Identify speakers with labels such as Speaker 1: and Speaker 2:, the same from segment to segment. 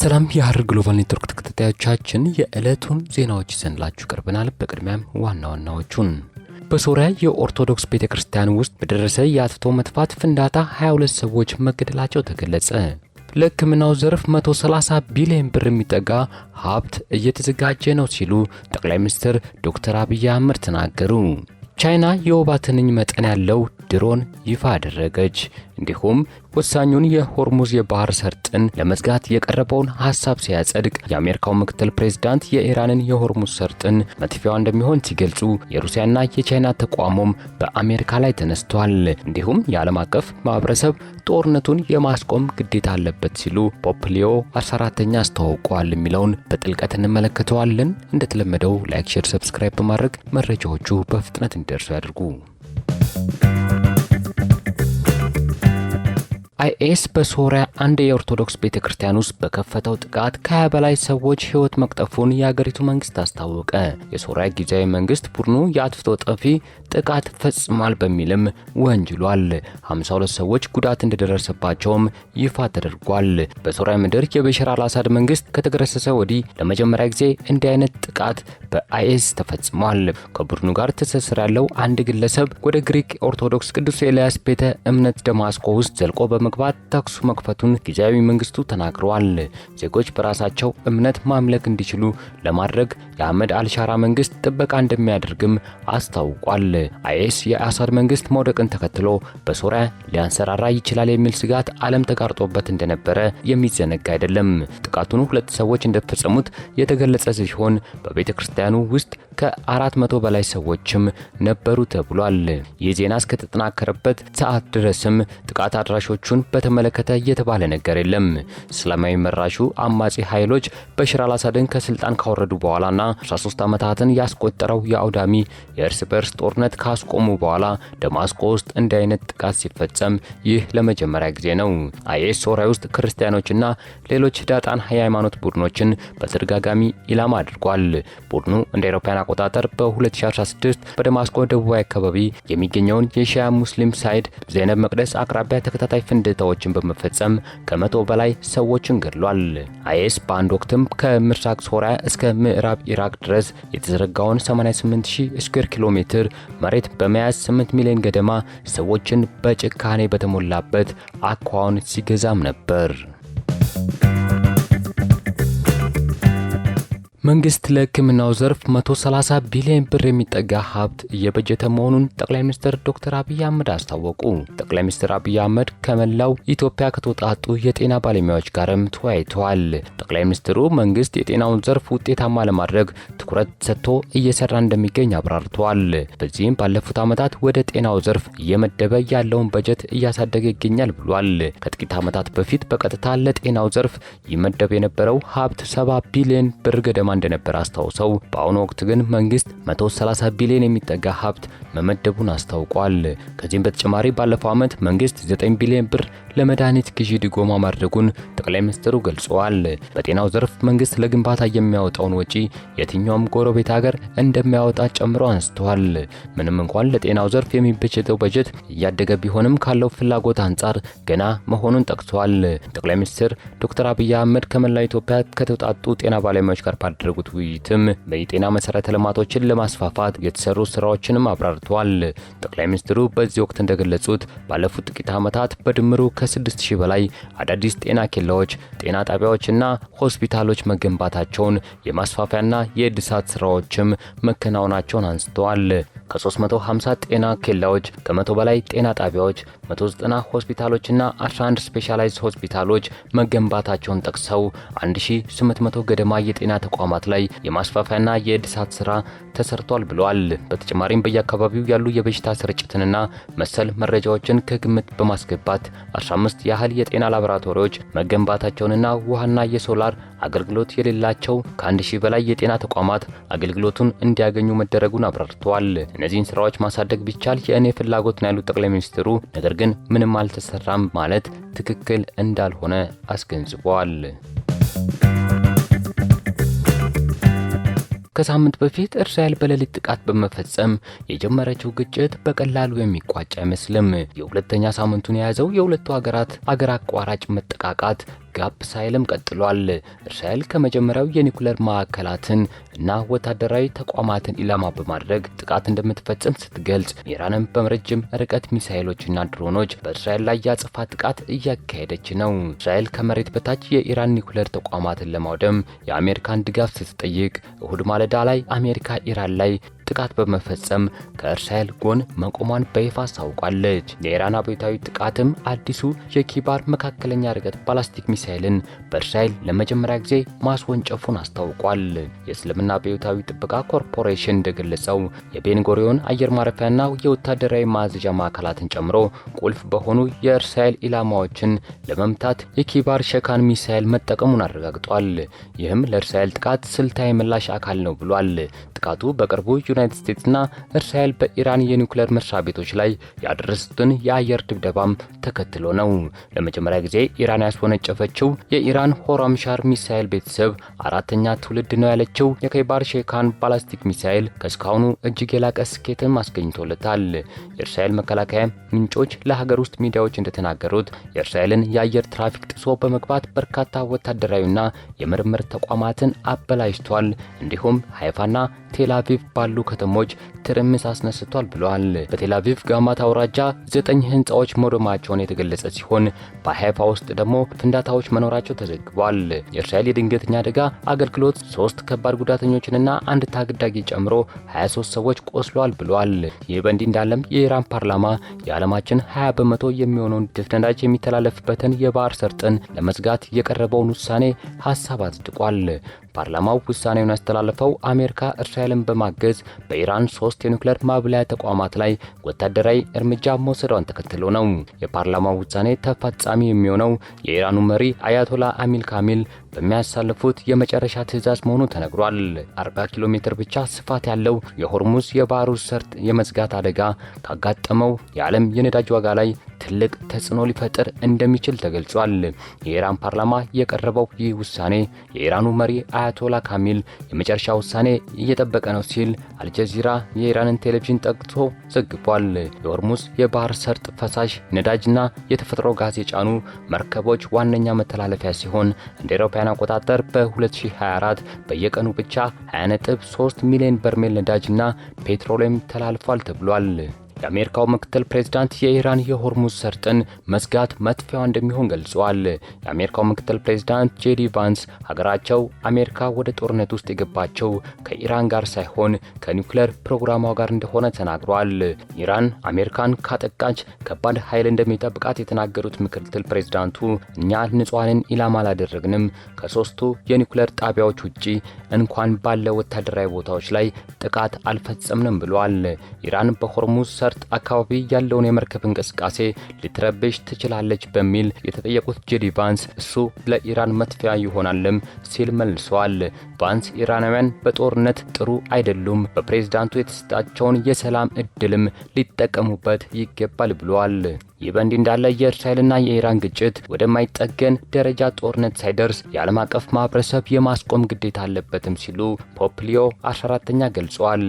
Speaker 1: ሰላም የሀረር ግሎባል ኔትወርክ ተከታታዮቻችን የዕለቱን ዜናዎች ይዘንላችሁ ቀርበናል። በቅድሚያም ዋና ዋናዎቹን በሶሪያ የኦርቶዶክስ ቤተ ክርስቲያን ውስጥ በደረሰ የአጥፍቶ መጥፋት ፍንዳታ 22 ሰዎች መገደላቸው ተገለጸ። ለሕክምናው ዘርፍ 130 ቢሊዮን ብር የሚጠጋ ሀብት እየተዘጋጀ ነው ሲሉ ጠቅላይ ሚኒስትር ዶክተር አብይ አህመድ ተናገሩ። ቻይና የወባ ትንኝ መጠን ያለው ድሮን ይፋ አደረገች። እንዲሁም ወሳኙን የሆርሙዝ የባህር ሰርጥን ለመዝጋት የቀረበውን ሀሳብ ሲያጸድቅ የአሜሪካው ምክትል ፕሬዝዳንት የኢራንን የሆርሙዝ ሰርጥን መጥፊያው እንደሚሆን ሲገልጹ የሩሲያና የቻይና ተቋሙም በአሜሪካ ላይ ተነስቷል። እንዲሁም የዓለም አቀፍ ማህበረሰብ ጦርነቱን የማስቆም ግዴታ አለበት ሲሉ ፖፕ ሊዮ 14ተኛ አስተዋውቀዋል የሚለውን በጥልቀት እንመለከተዋለን። እንደተለመደው ላይክ፣ ሼር፣ ሰብስክራይብ በማድረግ መረጃዎቹ በፍጥነት እንዲደርሱ ያድርጉ። አይኤስ በሶሪያ አንድ የኦርቶዶክስ ቤተ ክርስቲያን ውስጥ በከፈተው ጥቃት ከሀያ በላይ ሰዎች ሕይወት መቅጠፉን የአገሪቱ መንግስት አስታወቀ። የሶሪያ ጊዜያዊ መንግስት ቡድኑ የአጥፍቶ ጠፊ ጥቃት ፈጽሟል በሚልም ወንጅሏል። 52 ሰዎች ጉዳት እንደደረሰባቸውም ይፋ ተደርጓል። በሶሪያ ምድር የበሽር አልአሳድ መንግስት ከተገረሰሰ ወዲህ ለመጀመሪያ ጊዜ እንዲህ አይነት ጥቃት በአይኤስ ተፈጽሟል። ከቡድኑ ጋር ትስስር ያለው አንድ ግለሰብ ወደ ግሪክ ኦርቶዶክስ ቅዱስ ኤልያስ ቤተ እምነት ደማስቆ ውስጥ ዘልቆ በመግባት ተኩሱ መክፈቱን ጊዜያዊ መንግስቱ ተናግረዋል። ዜጎች በራሳቸው እምነት ማምለክ እንዲችሉ ለማድረግ የአህመድ አልሻራ መንግስት ጥበቃ እንደሚያደርግም አስታውቋል። አይኤስ የአሳድ መንግስት መውደቅን ተከትሎ በሶሪያ ሊያንሰራራ ይችላል የሚል ስጋት ዓለም ተጋርጦበት እንደነበረ የሚዘነጋ አይደለም። ጥቃቱን ሁለት ሰዎች እንደተፈጸሙት የተገለጸ ሲሆን በቤተ ክርስቲያኑ ውስጥ ከአራት መቶ በላይ ሰዎችም ነበሩ ተብሏል። ይህ ዜና እስከተጠናከረበት ሰዓት ድረስም ጥቃት አድራሾቹን በተመለከተ የተባለ ነገር የለም። እስላማዊ መራሹ አማጺ ኃይሎች በሽር አላሳድን ከስልጣን ካወረዱ በኋላና 13 ዓመታትን ያስቆጠረው የአውዳሚ የእርስ ጦርነት ካስቆሙ በኋላ ደማስቆ ውስጥ እንዲህ አይነት ጥቃት ሲፈጸም ይህ ለመጀመሪያ ጊዜ ነው። አይኤስ ሶሪያ ውስጥ ክርስቲያኖችና ሌሎች ዳጣን የሃይማኖት ቡድኖችን በተደጋጋሚ ኢላማ አድርጓል። ቡድኑ እንደ አውሮፓውያን አቆጣጠር በ2016 በደማስቆ ደቡባዊ አካባቢ የሚገኘውን የሺያ ሙስሊም ሳይድ ዘይነብ መቅደስ አቅራቢያ ተከታታይ ፍንድታዎችን በመፈጸም ከመቶ በላይ ሰዎችን ገድሏል። አይኤስ በአንድ ወቅትም ከምስራቅ ሶሪያ እስከ ምዕራብ ኢራቅ ድረስ የተዘረጋውን 88000 ስኩዌር ኪሎ ሜትር መሬት በመያዝ 8 ሚሊዮን ገደማ ሰዎችን በጭካኔ በተሞላበት አኳውን ሲገዛም ነበር። መንግስት ለሕክምናው ዘርፍ 130 ቢሊዮን ብር የሚጠጋ ሀብት እየበጀተ መሆኑን ጠቅላይ ሚኒስትር ዶክተር አብይ አህመድ አስታወቁ። ጠቅላይ ሚኒስትር አብይ አህመድ ከመላው ኢትዮጵያ ከተውጣጡ የጤና ባለሙያዎች ጋርም ተወያይተዋል። ጠቅላይ ሚኒስትሩ መንግስት የጤናውን ዘርፍ ውጤታማ ለማድረግ ትኩረት ሰጥቶ እየሰራ እንደሚገኝ አብራርተዋል። በዚህም ባለፉት ዓመታት ወደ ጤናው ዘርፍ እየመደበ ያለውን በጀት እያሳደገ ይገኛል ብሏል። ከጥቂት ዓመታት በፊት በቀጥታ ለጤናው ዘርፍ ይመደብ የነበረው ሀብት 70 ቢሊዮን ብር ገደማ እንደነበር አስታውሰው በአሁኑ ወቅት ግን መንግስት 130 ቢሊዮን የሚጠጋ ሀብት መመደቡን አስታውቋል። ከዚህም በተጨማሪ ባለፈው ዓመት መንግስት 9 ቢሊዮን ብር ለመድኃኒት ግዢ ድጎማ ማድረጉን ጠቅላይ ሚኒስትሩ ገልጸዋል። በጤናው ዘርፍ መንግስት ለግንባታ የሚያወጣውን ወጪ የትኛውም ጎረቤት ሀገር እንደሚያወጣ ጨምሮ አንስተዋል። ምንም እንኳን ለጤናው ዘርፍ የሚበጀተው በጀት እያደገ ቢሆንም ካለው ፍላጎት አንጻር ገና መሆኑን ጠቅሰዋል። ጠቅላይ ሚኒስትር ዶክተር አብይ አህመድ ከመላው ኢትዮጵያ ከተውጣጡ ጤና ባለሙያዎች ጋር ባደረጉት ውይይትም የጤና መሰረተ ልማቶችን ለማስፋፋት የተሰሩ ስራዎችንም አብራርተዋል። ጠቅላይ ሚኒስትሩ በዚህ ወቅት እንደገለጹት ባለፉት ጥቂት ዓመታት በድምሩ ከ ከ6000 በላይ አዳዲስ ጤና ኬላዎች፣ ጤና ጣቢያዎችና ሆስፒታሎች መገንባታቸውን የማስፋፊያና የእድሳት ስራዎችም መከናወናቸውን አንስተዋል። ከ350 ጤና ኬላዎች፣ ከ100 በላይ ጤና ጣቢያዎች፣ 190 ሆስፒታሎችና 11 ስፔሻላይዝድ ሆስፒታሎች መገንባታቸውን ጠቅሰው 1800 ገደማ የጤና ተቋማት ላይ የማስፋፊያና የእድሳት ስራ ተሰርቷል ብለዋል። በተጨማሪም በየአካባቢው ያሉ የበሽታ ስርጭትንና መሰል መረጃዎችን ከግምት በማስገባት 15 ያህል የጤና ላቦራቶሪዎች መገንባታቸውንና ውሃና የሶላር አገልግሎት የሌላቸው ከአንድ ሺህ በላይ የጤና ተቋማት አገልግሎቱን እንዲያገኙ መደረጉን አብራርተዋል። እነዚህን ስራዎች ማሳደግ ቢቻል የእኔ ፍላጎት ነው ያሉት ጠቅላይ ሚኒስትሩ፣ ነገር ግን ምንም አልተሰራም ማለት ትክክል እንዳልሆነ አስገንዝበዋል። ከሳምንት በፊት እስራኤል በሌሊት ጥቃት በመፈጸም የጀመረችው ግጭት በቀላሉ የሚቋጭ አይመስልም። የሁለተኛ ሳምንቱን የያዘው የሁለቱ ሀገራት አገር አቋራጭ መጠቃቃት ጋፕ ሳይልም ቀጥሏል። እስራኤል ከመጀመሪያው የኒኩለር ማዕከላትን እና ወታደራዊ ተቋማትን ኢላማ በማድረግ ጥቃት እንደምትፈጽም ስትገልጽ ኢራንም በረጅም ርቀት ሚሳኤሎችና ድሮኖች በእስራኤል ላይ የአጸፋ ጥቃት እያካሄደች ነው። እስራኤል ከመሬት በታች የኢራን ኒኩለር ተቋማትን ለማውደም የአሜሪካን ድጋፍ ስትጠይቅ እሁድ ማለዳ ላይ አሜሪካ ኢራን ላይ ጥቃት በመፈጸም ከእስራኤል ጎን መቆሟን በይፋ አስታውቋለች። የኢራን አብዮታዊ ጥቃትም አዲሱ የኪባር መካከለኛ ርቀት ባላስቲክ ሚሳይልን በእስራኤል ለመጀመሪያ ጊዜ ማስወንጨፉን አስታውቋል። የእስልምና አብዮታዊ ጥበቃ ኮርፖሬሽን እንደገለጸው የቤንጎሪዮን አየር ማረፊያና የወታደራዊ ማዘዣ ማዕከላትን ጨምሮ ቁልፍ በሆኑ የእስራኤል ኢላማዎችን ለመምታት የኪባር ሸካን ሚሳይል መጠቀሙን አረጋግጧል። ይህም ለእስራኤል ጥቃት ስልታዊ ምላሽ አካል ነው ብሏል። ጥቃቱ በቅርቡ ዩናይትድ ስቴትስና እስራኤል በኢራን የኒውክሌር መስሪያ ቤቶች ላይ ያደረሱትን የአየር ድብደባም ተከትሎ ነው። ለመጀመሪያ ጊዜ ኢራን ያስወነጨፈችው የኢራን ሆራምሻር ሚሳኤል ቤተሰብ አራተኛ ትውልድ ነው ያለችው የከይባር ሼካን ባላስቲክ ሚሳኤል ከእስካሁኑ እጅግ የላቀ ስኬትም አስገኝቶለታል። የእስራኤል መከላከያ ምንጮች ለሀገር ውስጥ ሚዲያዎች እንደተናገሩት የእስራኤልን የአየር ትራፊክ ጥሶ በመግባት በርካታ ወታደራዊና የምርምር ተቋማትን አበላሽቷል። እንዲሁም ሃይፋና ቴላቪቭ ባሉ ከተሞች ትርምስ አስነስቷል ብለዋል። በቴላቪቭ ጋማት አውራጃ ዘጠኝ ህንፃዎች መውደማቸውን የተገለጸ ሲሆን በሃይፋ ውስጥ ደግሞ ፍንዳታዎች መኖራቸው ተዘግቧል። የእስራኤል የድንገተኛ አደጋ አገልግሎት ሶስት ከባድ ጉዳተኞችንና አንድ ታግዳጊ ጨምሮ 23 ሰዎች ቆስሏል ብለዋል። ይህ በእንዲህ እንዳለም የኢራን ፓርላማ የዓለማችን 20 በመቶ የሚሆነውን ድፍ ነዳጅ የሚተላለፍበትን የባህር ሰርጥን ለመዝጋት የቀረበውን ውሳኔ ሀሳብ አጽድቋል። ፓርላማው ውሳኔውን ያስተላለፈው አሜሪካ እስራኤልን በማገዝ በኢራን ሶስት የኒውክሌር ማብላያ ተቋማት ላይ ወታደራዊ እርምጃ መውሰዷን ተከትሎ ነው። የፓርላማው ውሳኔ ተፈጻሚ የሚሆነው የኢራኑ መሪ አያቶላ አሚል ካሚል በሚያሳልፉት የመጨረሻ ትዕዛዝ መሆኑ ተነግሯል። 40 ኪሎ ሜትር ብቻ ስፋት ያለው የሆርሙዝ የባህሩ ሰርጥ የመዝጋት አደጋ ካጋጠመው የዓለም የነዳጅ ዋጋ ላይ ትልቅ ተጽዕኖ ሊፈጥር እንደሚችል ተገልጿል። የኢራን ፓርላማ የቀረበው ይህ ውሳኔ የኢራኑ መሪ አያቶላ ካሚል የመጨረሻ ውሳኔ እየጠበቀ ነው ሲል አልጀዚራ የኢራንን ቴሌቪዥን ጠቅቶ ዘግቧል። የሆርሙዝ የባህር ሰርጥ ፈሳሽ ነዳጅና የተፈጥሮ ጋዝ የጫኑ መርከቦች ዋነኛ መተላለፊያ ሲሆን እንደ አውሮፓውያን አቆጣጠር በ2024 በየቀኑ ብቻ 23 ሚሊዮን በርሜል ነዳጅና ፔትሮሊየም ተላልፏል ተብሏል። የአሜሪካው ምክትል ፕሬዚዳንት የኢራን የሆርሙዝ ሰርጥን መዝጋት መጥፊያዋ እንደሚሆን ገልጿል። የአሜሪካው ምክትል ፕሬዚዳንት ጄዲ ቫንስ ሀገራቸው አሜሪካ ወደ ጦርነት ውስጥ የገባቸው ከኢራን ጋር ሳይሆን ከኒውክሌር ፕሮግራሟ ጋር እንደሆነ ተናግሯል። ኢራን አሜሪካን ካጠቃች ከባድ ኃይል እንደሚጠብቃት የተናገሩት ምክትል ፕሬዚዳንቱ እኛ ንጹሐንን ኢላማ አላደረግንም፣ ከሶስቱ የኒውክሌር ጣቢያዎች ውጪ እንኳን ባለ ወታደራዊ ቦታዎች ላይ ጥቃት አልፈጸምንም ብሏል። ኢራን በሆርሙዝ ሰርጥ አካባቢ ያለውን የመርከብ እንቅስቃሴ ልትረብሽ ትችላለች በሚል የተጠየቁት ጄዲ ቫንስ እሱ ለኢራን መጥፊያ ይሆናልም ሲል መልሰዋል። ቫንስ ኢራናውያን በጦርነት ጥሩ አይደሉም፣ በፕሬዝዳንቱ የተሰጣቸውን የሰላም እድልም ሊጠቀሙበት ይገባል ብለዋል። ይህ በእንዲህ እንዳለ የእስራኤልና የኢራን ግጭት ወደማይጠገን ደረጃ ጦርነት ሳይደርስ የዓለም አቀፍ ማህበረሰብ የማስቆም ግዴታ አለበትም ሲሉ ፖፕ ሊዮ 14 ተኛ ገልጸዋል።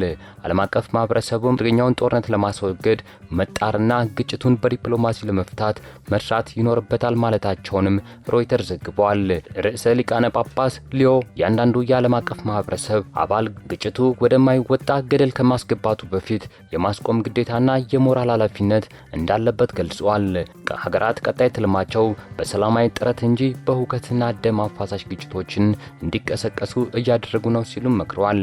Speaker 1: ዓለም አቀፍ ማህበረሰቡም ጥገኛውን ጦርነት ለማስወገድ መጣርና ግጭቱን በዲፕሎማሲ ለመፍታት መስራት ይኖርበታል ማለታቸውንም ሮይተር ዘግቧል። ርዕሰ ሊቃነ ጳጳስ ሊዮ እያንዳንዱ የዓለም አቀፍ ማህበረሰብ አባል ግጭቱ ወደማይወጣ ገደል ከማስገባቱ በፊት የማስቆም ግዴታና የሞራል ኃላፊነት እንዳለበት ገልጿል። ገልጿል። ሀገራት ቀጣይ ትልማቸው በሰላማዊ ጥረት እንጂ በሁከትና ደም አፋሳሽ ግጭቶችን እንዲቀሰቀሱ እያደረጉ ነው ሲሉም መክረዋል።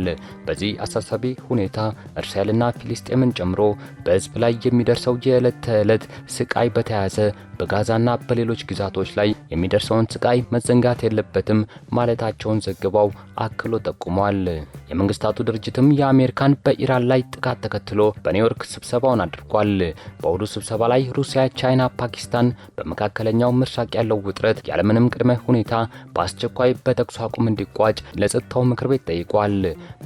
Speaker 1: በዚህ አሳሳቢ ሁኔታ እስራኤልና ፊልስጤምን ጨምሮ በህዝብ ላይ የሚደርሰው የዕለት ተዕለት ስቃይ በተያያዘ በጋዛና በሌሎች ግዛቶች ላይ የሚደርሰውን ስቃይ መዘንጋት የለበትም ማለታቸውን ዘግበው አክሎ ጠቁሟል። የመንግስታቱ ድርጅትም የአሜሪካን በኢራን ላይ ጥቃት ተከትሎ በኒውዮርክ ስብሰባውን አድርጓል። በእሁዱ ስብሰባ ላይ ሩሲያ ቻይና ፓኪስታን በመካከለኛው ምስራቅ ያለው ውጥረት ያለምንም ቅድመ ሁኔታ በአስቸኳይ በተኩስ አቁም እንዲቋጭ ለጸጥታው ምክር ቤት ጠይቋል።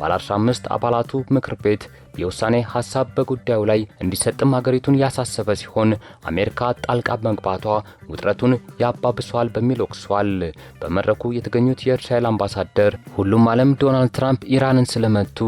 Speaker 1: ባለ 15 አባላቱ ምክር ቤት የውሳኔ ሀሳብ በጉዳዩ ላይ እንዲሰጥም ሀገሪቱን ያሳሰበ ሲሆን አሜሪካ ጣልቃ መግባቷ ውጥረቱን ያባብሷል በሚል ወቅሷል። በመድረኩ የተገኙት የእስራኤል አምባሳደር ሁሉም ዓለም ዶናልድ ትራምፕ ኢራንን ስለመቱ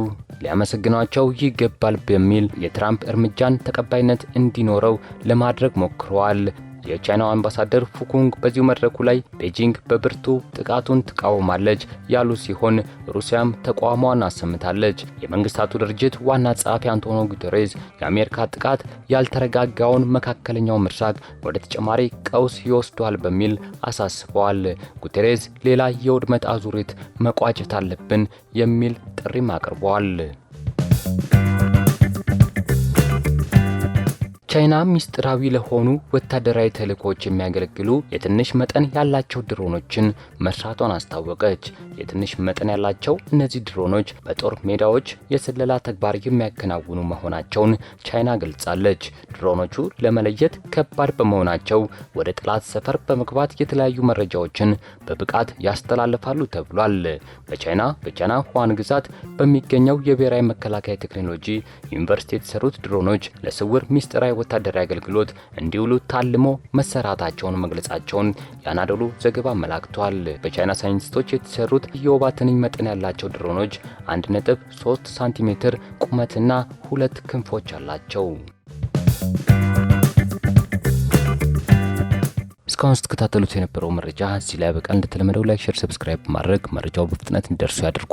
Speaker 1: ሊያመሰግኗቸው ይገባል በሚል የትራምፕ እርምጃን ተቀባይነት እንዲኖረው ለማድረግ ሞክረዋል። የቻይናው አምባሳደር ፉኩንግ በዚሁ መድረኩ ላይ ቤጂንግ በብርቱ ጥቃቱን ትቃወማለች ያሉ ሲሆን ሩሲያም ተቋሟን አሰምታለች። የመንግስታቱ ድርጅት ዋና ጸሐፊ አንቶኒዮ ጉተሬዝ የአሜሪካ ጥቃት ያልተረጋጋውን መካከለኛው ምስራቅ ወደ ተጨማሪ ቀውስ ይወስዷል በሚል አሳስበዋል። ጉተሬዝ ሌላ የውድመት አዙሪት መቋጨት አለብን የሚል ጥሪም አቅርበዋል። ቻይና ሚስጥራዊ ለሆኑ ወታደራዊ ተልእኮዎች የሚያገለግሉ የትንሽ መጠን ያላቸው ድሮኖችን መስራቷን አስታወቀች። የትንሽ መጠን ያላቸው እነዚህ ድሮኖች በጦር ሜዳዎች የስለላ ተግባር የሚያከናውኑ መሆናቸውን ቻይና ገልጻለች። ድሮኖቹ ለመለየት ከባድ በመሆናቸው ወደ ጠላት ሰፈር በመግባት የተለያዩ መረጃዎችን በብቃት ያስተላልፋሉ ተብሏል። በቻይና በቻይና ሁዋን ግዛት በሚገኘው የብሔራዊ መከላከያ ቴክኖሎጂ ዩኒቨርሲቲ የተሰሩት ድሮኖች ለስውር ሚስጥራዊ ወታደራዊ አገልግሎት እንዲውሉ ታልሞ መሰራታቸውን መግለጻቸውን የአናዶሉ ዘገባ አመላክቷል። በቻይና ሳይንቲስቶች የተሰሩት የወባ ትንኝ መጠን ያላቸው ድሮኖች 1.3 ሳንቲሜትር ቁመትና ሁለት ክንፎች አላቸው። እስካሁን ስትከታተሉት የነበረው መረጃ እዚህ ላይ በቃ። እንደተለመደው ላይክ፣ ሼር፣ ሰብስክራይብ ማድረግ መረጃው በፍጥነት እንዲደርሱ ያድርጉ።